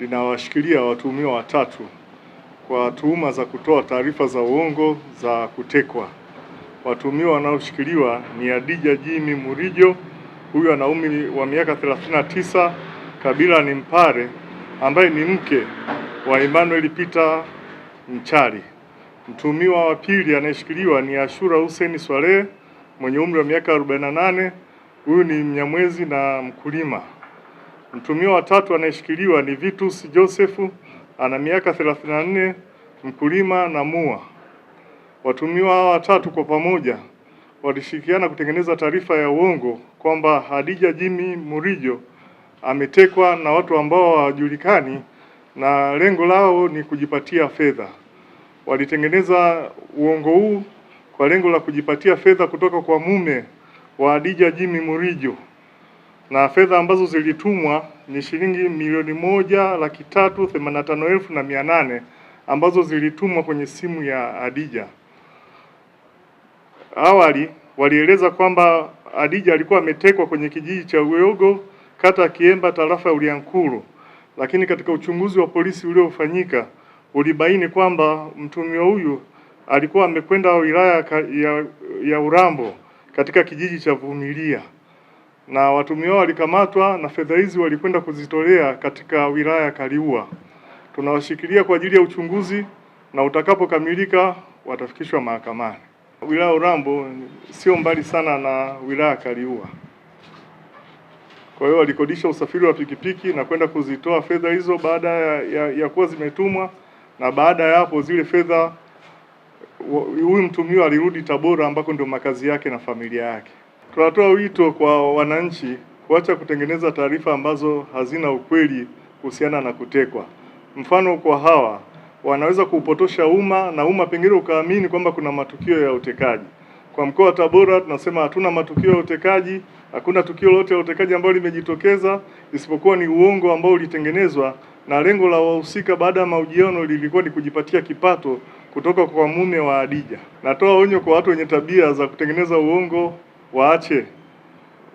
linawashikilia watuhumiwa watatu kwa tuhuma za kutoa taarifa za uongo za kutekwa. Watuhumiwa wanaoshikiliwa ni Adija Jimmy Murijo, huyu ana umri wa miaka 39, kabila ni Mpare, ambaye ni mke wa Emmanuel Peter Mchali. Mtuhumiwa wa pili anayeshikiliwa ni Ashura Hussein Swalehe mwenye umri wa miaka 48, huyu ni Mnyamwezi na mkulima wa watatu anayeshikiliwa ni Vitus Joseph ana miaka 34, mkulima na mua. Watumiwa hawa watatu kwa pamoja walishirikiana kutengeneza taarifa ya uongo kwamba Hadija Jimmy Murijo ametekwa na watu ambao hawajulikani na lengo lao ni kujipatia fedha. Walitengeneza uongo huu kwa lengo la kujipatia fedha kutoka kwa mume wa Hadija Jimmy Murijo na fedha ambazo zilitumwa ni shilingi milioni moja laki tatu themanini na tano elfu na mia nane ambazo zilitumwa kwenye simu ya Adija. Awali walieleza kwamba Adija alikuwa ametekwa kwenye kijiji cha Uyogo kata ya Kiemba tarafa ya Uliankuru, lakini katika uchunguzi wa polisi uliofanyika ulibaini kwamba mtumio huyu alikuwa amekwenda wilaya ya, ya Urambo katika kijiji cha Vumilia na watumio walikamatwa na fedha hizi walikwenda kuzitolea katika wilaya ya Kaliua. Tunawashikilia kwa ajili ya uchunguzi na utakapokamilika watafikishwa mahakamani. Wilaya Urambo sio mbali sana na wilaya Kaliua, kwa hiyo walikodisha usafiri wa pikipiki na kwenda kuzitoa fedha hizo baada ya, ya, ya kuwa zimetumwa, na baada ya hapo zile fedha huyu mtumio alirudi Tabora ambako ndio makazi yake na familia yake. Tunatoa wito kwa wananchi kuacha kutengeneza taarifa ambazo hazina ukweli kuhusiana na kutekwa. Mfano kwa hawa wanaweza kuupotosha umma na umma pengine ukaamini kwamba kuna matukio ya utekaji. Kwa mkoa wa Tabora tunasema hatuna matukio ya utekaji, hakuna tukio lolote la utekaji ambalo limejitokeza isipokuwa ni uongo ambao ulitengenezwa na lengo la wahusika baada ya mahojiano lilikuwa ni kujipatia kipato kutoka kwa mume wa Adija. Natoa onyo kwa watu wenye tabia za kutengeneza uongo waache.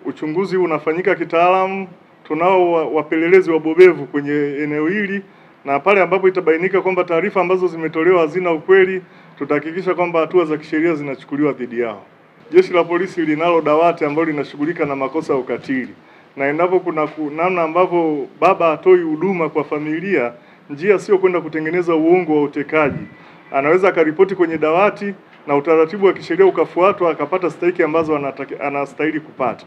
Uchunguzi unafanyika kitaalamu, tunao wapelelezi wabobevu kwenye eneo hili, na pale ambapo itabainika kwamba taarifa ambazo zimetolewa hazina ukweli, tutahakikisha kwamba hatua za kisheria zinachukuliwa dhidi yao. Jeshi la Polisi linalo dawati ambalo linashughulika na makosa ya ukatili, na endapo kuna namna ambavyo baba atoi huduma kwa familia, njia sio kwenda kutengeneza uongo wa utekaji, anaweza akaripoti kwenye dawati na utaratibu wa kisheria ukafuatwa akapata stahiki ambazo anastahili kupata.